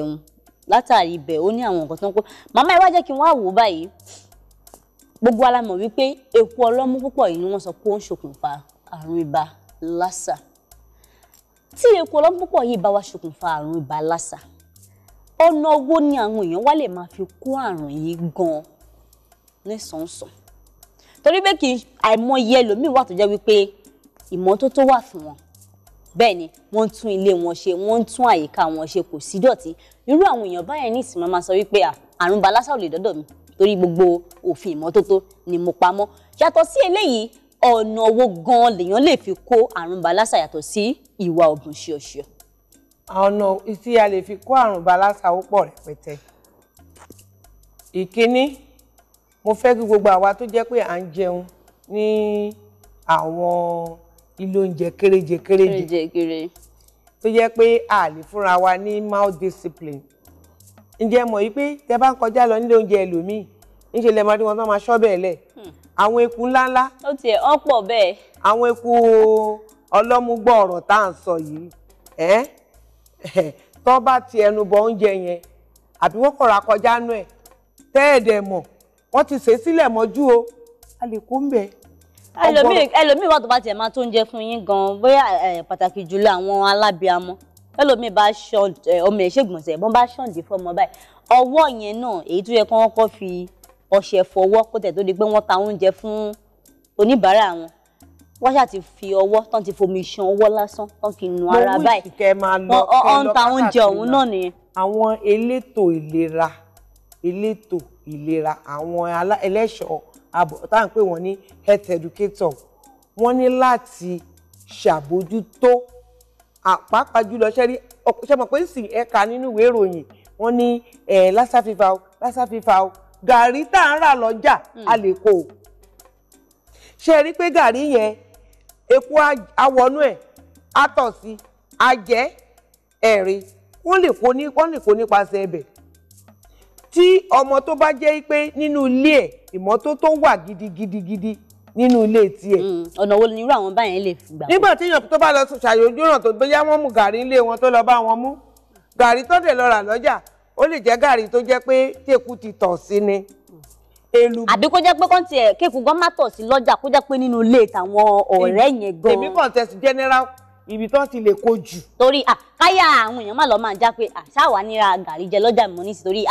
òun látàrí ibẹ̀ ó ní àwọn nǹkan tó ń pọ̀ màmá ẹ wá jẹ́ kí n wá wò ó báyìí gbogbo wa la mọ̀ wípé epo ọlọ́mú púpọ̀ yìí ni wọ́n sọ pé ó ń ṣokùnfà àrùn ibà lásà tí epo ọlọ́mú púpọ̀ yìí bá wá ṣokùnfà àrùn ibà lásà ọ̀nà owó ni àwọn èèyàn wá lè máa fi kó àrùn yìí gan nísànsàn torí pé kì í àìmọye ẹlòmíì wà tó jẹ́ wípé ìmọ́tótó wà fún wọn bẹ́ẹ̀ ni wọ́n ń tún ilé wọn ṣe wọ́n ń tún àyíká wọn ṣe kò sí dọ̀tí irú àwọn èèyàn báyẹn ní ìsìn máa sọ wípé àrùn balásà lè dọ́dọ̀ mi torí gbogbo òfin ìmọ́tótó ni mo pamọ́ yàtọ̀ sí eléyìí ọ̀nà owó gan-an lèèyàn lè fi kó àrùn balásà yàtọ̀ sí ìwà ọ̀bùn ṣíọṣíọ. ọ̀nà tí a lè fi kó àrùn balásà pọ̀ rẹpẹtẹ ìkíní mo fẹ́ kí gbogbo àwa tó jẹ́ pé à ń jẹun ní àwọn ilé oúnjẹ kéréje kéréje tó jẹ́ pé a lè fúnra wa ní mouth discipline ǹjẹ́ mọ̀ yìí pé tẹ bá ń kọjá lọ nílé oúnjẹ ẹlòmíì níṣẹ́ lẹ́ẹ̀ máa rí wọn tó máa ṣọ́ bẹ́ẹ̀ lẹ̀ hmm. àwọn eku ńláńlá. ó tiẹ̀ ọ́ pọ̀ bẹ́ẹ̀. àwọn eku ọlọ́múgbọ́ ọ̀rọ̀ tá à ń sọ yìí tó bá ti ẹnu bọ oúnjẹ yẹn àbí wọ́n kọ̀ra kọjá nú ẹ̀ tẹ́ẹ̀dẹ̀ mọ̀ wọ́n ti ṣe sílẹ̀ mọ́jú o a lè kó ń bẹ́ẹ̀ ẹlòmíì ẹlòmíì wà tó bá tiẹ̀ máa tó ń jẹ fún yín gan bóyá pàtàkì jùlọ àwọn alábìamọ ẹlòmíì bá ṣọ ọmọ ìṣègbọ̀nsẹ̀ bọ́n bá ṣọ̀ǹdì fún ọmọ báyìí ọwọ́ yẹn náà èyí tó yẹ kí wọ́n kọ́ fi ọṣẹ fọwọ́ kó tẹ̀ tó di pé wọ́n ta oúnjẹ fún oníbàárà wọn wọ́n ṣáà ti fi ọwọ́ tán ti fomi ṣan ọwọ́ lásán tán fi nu ara báyìí wọ́n ta oúnjẹ ọ̀hún náà nìyẹn. àwọn elétò ìlera elétò ìlera àwọn ẹlẹ́ṣọ̀ọ́ tá à ń pè wọ́n ní health educator wọ́n ní láti ṣàbójútó pàápàá jùlọ ṣẹ́rí ṣe mọ̀ pé sì ẹ̀ka nínú ìwé ìròyìn wọ́n ní lassa fever lassa fever gàrí tá à ń rà lọ́jà hmm. a lè kó o ṣe rí pé gàrí yẹn epo awọnú ẹ̀ atọ̀ sí ajẹ́ ẹ̀rí wọ́n lè kó nípasẹ̀ ẹbẹ̀ tí ọmọ tó bá jẹ́ pé nínú ilé ẹ̀ ìmọ́tótó wà gidigidigidi nínú ilé tiẹ̀. Mm, ọ̀nà wo ni irú àwọn báyẹn lè gbà. nígbà tí èèyàn tó bá lọ ṣàyòjú ràn tó bóyá wọ́n mú gàrí ilé wọn tó lọ bá wọn mú gàrí tó dẹ̀ lọ rà lọ́jà ó lè jẹ́ gàrí tó jẹ́ pé tèkú ti tọ̀ sí ni èlù. àbí kó jẹ́ pé kán tiẹ̀ kéèkù gan má tọ̀ sí lọ́jà kó jẹ́ pé nínú ilé tàwọn ọ̀rẹ́ yẹn gan. èmi kàn tẹ̀sí general ibi tó ti lè kó jù. torí à káyà àwọn èèyàn má lọ máa já pé àṣà wà níra gàrí jẹ lọ́jà mọ́ ní sí torí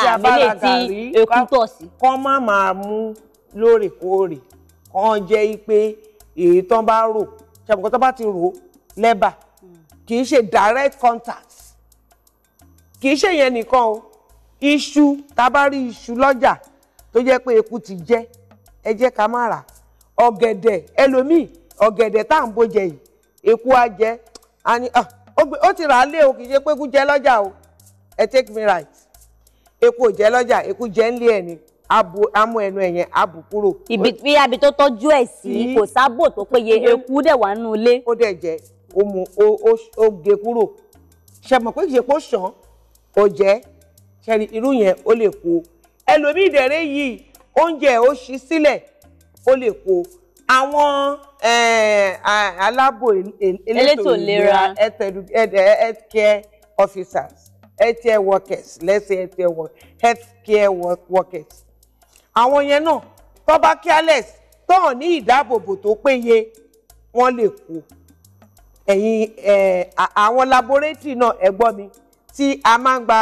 tí eku tọ̀ sí. kán má máa mú lóòrèkóòrè kán jẹ́ pé èyí tán bá rò ṣàbùkọ́ tán bá ti rò lẹ́bà kì í ṣe direct contact kì í ṣe yẹn nìkan o iṣu tá a bá rí iṣu lọ́jà tó jẹ́ pé eku ti jẹ ẹ jẹ́ ká má rà ọ̀gẹ̀dẹ̀ ẹlòmíì ọ̀gẹ̀dẹ̀ tá à ń bó yìí èkú ajẹ́ àní ó ti rà á lé o kì í ṣe pé kú jẹ́ lọ́jà o ẹ take me right èkú ò jẹ́ lọ́jà èkú jẹ́ ń lé ẹ̀ ni amú ẹnu ẹ̀yẹn abu kúrò. ibi tí abi tó tọ́jú ẹ̀ sí kò sábò tó péye èkú dẹ̀ wà nínú ilé. ó dẹ̀ jẹ́ ó mú ó gé kúrò ṣe mọ̀ pé kì í ó jẹ́ ṣe irú yẹn ó lè kó ẹlòmíì dẹ̀rẹ́ yìí oúnjẹ ó ṣí sílẹ̀ ó lè kó àwọn aláàbò elétò ìlera healthcare officers healthcare workers let's say healthcare workers healthcare workers àwọn yẹn náà tó bá careless tó hàn ní ìdáàbòbò tó péye wọ́n lè kú ẹ̀yin àwọn laboratory náà ẹ gbọ́ mi tí a máa ń gba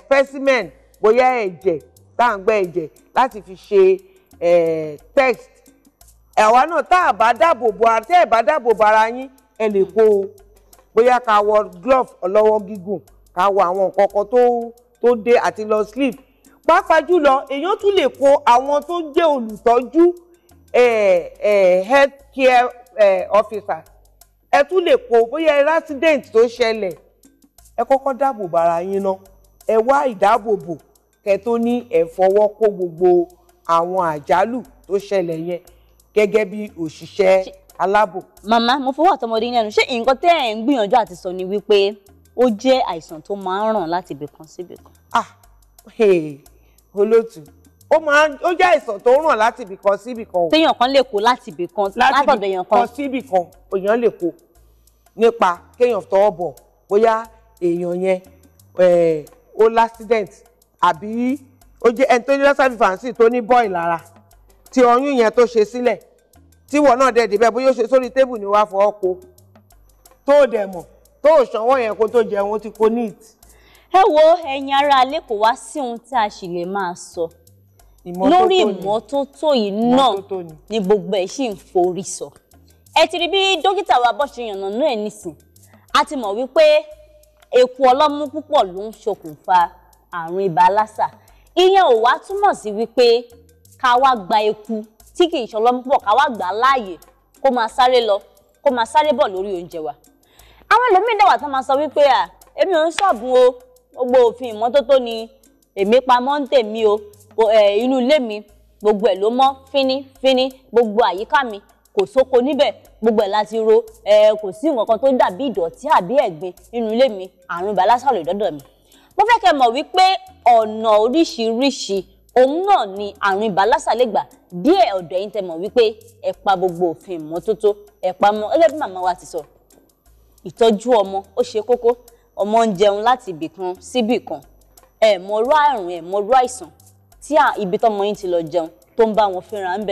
specimen bóyá ẹ̀jẹ̀ tá à ń gba ẹ̀jẹ̀ láti fi ṣe test àwa náà tá a bá dáàbò bo ara tẹ́ ẹ̀ bá dáàbò bo ara yín ẹ lè kó o bóyá ká wọ glove ọlọ́wọ́ gígùn ká wọ àwọn nǹkan kan tó tó dé àti lọ sleep pàápàá jùlọ èèyàn tún lè kó àwọn tó jẹ́ olùtọ́jú health care officer ẹ tún lè kó bóyá ẹ accident tó ṣẹlẹ̀ ẹ kọ́kọ́ dáàbò bo ara yín náà ẹ wá ìdáàbòbò kẹ́ tó ní ẹ fọwọ́ kó gbogbo àwọn àjálù tó ṣẹlẹ̀ yẹn gẹ́gẹ́ bí òṣìṣẹ́ aláàbò. màmá mo fọwọ́ àtọmọdé ní ẹnu ṣé nǹkan tẹ́ ẹ̀ ń gbìyànjú àti sọ ni wípé ó jẹ́ àìsàn tó máa ń ràn láti ibì kan sí ibì kan. ah olótù ó máa ó jẹ́ àìsàn tó ràn láti ibì kan sí ibì kan. téèyàn kan lè kó láti ibì kan látọ̀dọ̀ èèyàn kan. láti ibì kan sí ibì kan èèyàn lè kó nípa kéèyàn tọwọ́ bọ̀ bóyá èèyàn yẹn eh, ó lásídẹ̀ǹtì àbí ó jẹ́ ẹni tó ní lọ́sàbí fàǹsì tó ní bọ́ì ti ọyún yẹn tó ṣe sílẹ̀ tí wọ́n náà dẹ̀ débẹ̀ bóyá ó ṣe sórí tébù ni wàá fọwọ́ ko tó dẹ̀ mọ̀ tó ṣànwọ́ yẹn kó tó jẹun ó ti kó ní ìtì. ẹ wo ẹ̀yin ará alẹ́ kò wá sí ohun tí a sì lè máa sọ lórí ìmọ́tótó yìí náà ni gbogbo ẹ̀ sì ń forí sọ ẹ ti rí bí dókítà wa bọ́ ṣe yànnà náà ẹ̀ nísìn a ti mọ̀ wípé eku ọlọ́mú púpọ̀ ló ń ṣokùnfà àrùn ibà lásà ìyẹn ò wá túmọ̀ sí wípé ká wá gba eku tí kì í ṣan lọ́mú púpọ̀ ká wá gbà á láàyè kó máa sáré lọ kó máa sáré bọ̀ lórí oúnjẹ wa àwọn ẹlòmíín dẹ̀wà tó máa sọ wípé à èmi ò ń ṣọ̀bùn o gbogbo òfin ìmọ́tótó ni èmi pamọ́ ń tèmi o inú ilé mi gbogbo ẹ̀ ló mọ́ fínífíní gbogbo àyíká mi kò sóko níbẹ̀ gbogbo ẹ̀ láti ro kò sí nǹkan tó dàbí ìdọ̀tí àbí ẹ̀gbin nínú ilé mi àrùn ìbálásà lè dọ́dọ̀ mi mo fẹ́ kẹ́ mọ̀ wípé ọ̀nà oríṣiríṣi òun náà ni àrùn ibà lásà lè gbà díẹ̀ ọ̀dọ̀ yín tẹ́ mọ̀ wípé ẹ pa gbogbo òfin ìmọ́tótó ẹ pa mọ́ gẹ́gẹ́ bí màmá wa ti sọ ìtọ́jú ọmọ ó ṣe kókó ọmọ ń jẹun láti ibì kan síbì kan ẹ mọ orú àrùn ẹ mọ orú àìsàn tí ibi tọ́mọ yín ti lọ jẹun tó ń bá wọn fínra ń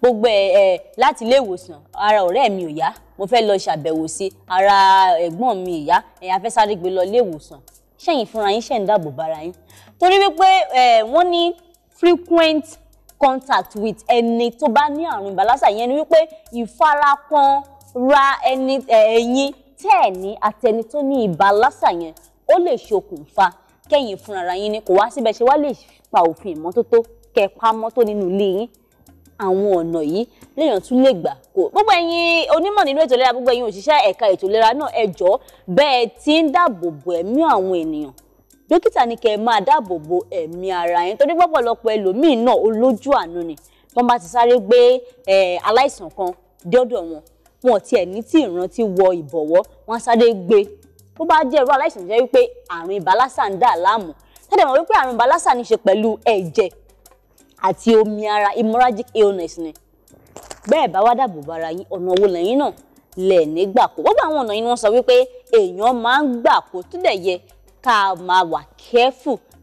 gbogbo ẹ láti ilé ìwòsàn ara ọ̀rẹ́ mi ò yá mo fẹ́ lọ ṣàbẹ̀wò sí ara ẹ̀gbọ́n mi ìyá ẹ̀yà fẹ́ sáré gbé lọ ilé ìwòsàn ṣẹ́yìn fúnra yín ṣẹ̀ ń dáàbò bára yín torí wípé wọ́n ní frequent contact with ẹni tó bá ní àrùn ibà lásà yẹn ni wípé ìfarakàn ra ẹni ẹ̀yin tẹ́ ẹ̀ ní àtẹni tó ní ibà lásà yẹn ó lè ṣokùnfà kẹ́yìn fúnra yín ni kò wá síbẹ̀ ṣe wá lè pa òfin ìmọ́tótó kẹ́ pamọ́ tó nínú ilé yín àwọn ọ̀nà yìí léèyàn tún lè gbà kó gbogbo ẹ̀yin onímọ̀ nínú ètò ìlera gbogbo ẹ̀yin òṣìṣẹ́ ẹ̀ka ètò ìlera náà ẹ bẹ́ẹ̀ ti ń dáàbò bo ẹ̀mí àwọn ènìyàn dókítà ní kẹ́ ẹ máa dáàbò bo ẹ̀mí ara yẹn torí pọ̀pọ̀lọpọ̀ ẹlòmíín náà olójú àánú ni wọ́n bá ti sáré gbé aláìsàn kan dé ọ̀dọ̀ wọn wọn tiẹ̀ ní tí ìrántí wọ ìbọ̀wọ́ wọn sáré gbé bó bá jẹ́ irú aláìsàn jẹ́ wípé àrùn ibà lásà ń dà láàmú tẹ́lẹ̀ mọ̀ wípé àrùn ibà lásà ní ṣe pẹ̀lú ẹ̀jẹ̀ àti omi ara hemorrhagic illness ni bẹ́ẹ̀ bá wá dàbò bara yín ọ̀nà wo lẹ́yìn náà lẹ̀ nígbà kó gbogbo àwọn ọ̀nà yìí wọ́n sọ wípé èèyàn máa ń gbà tó dẹ̀ yẹ ká máa wà careful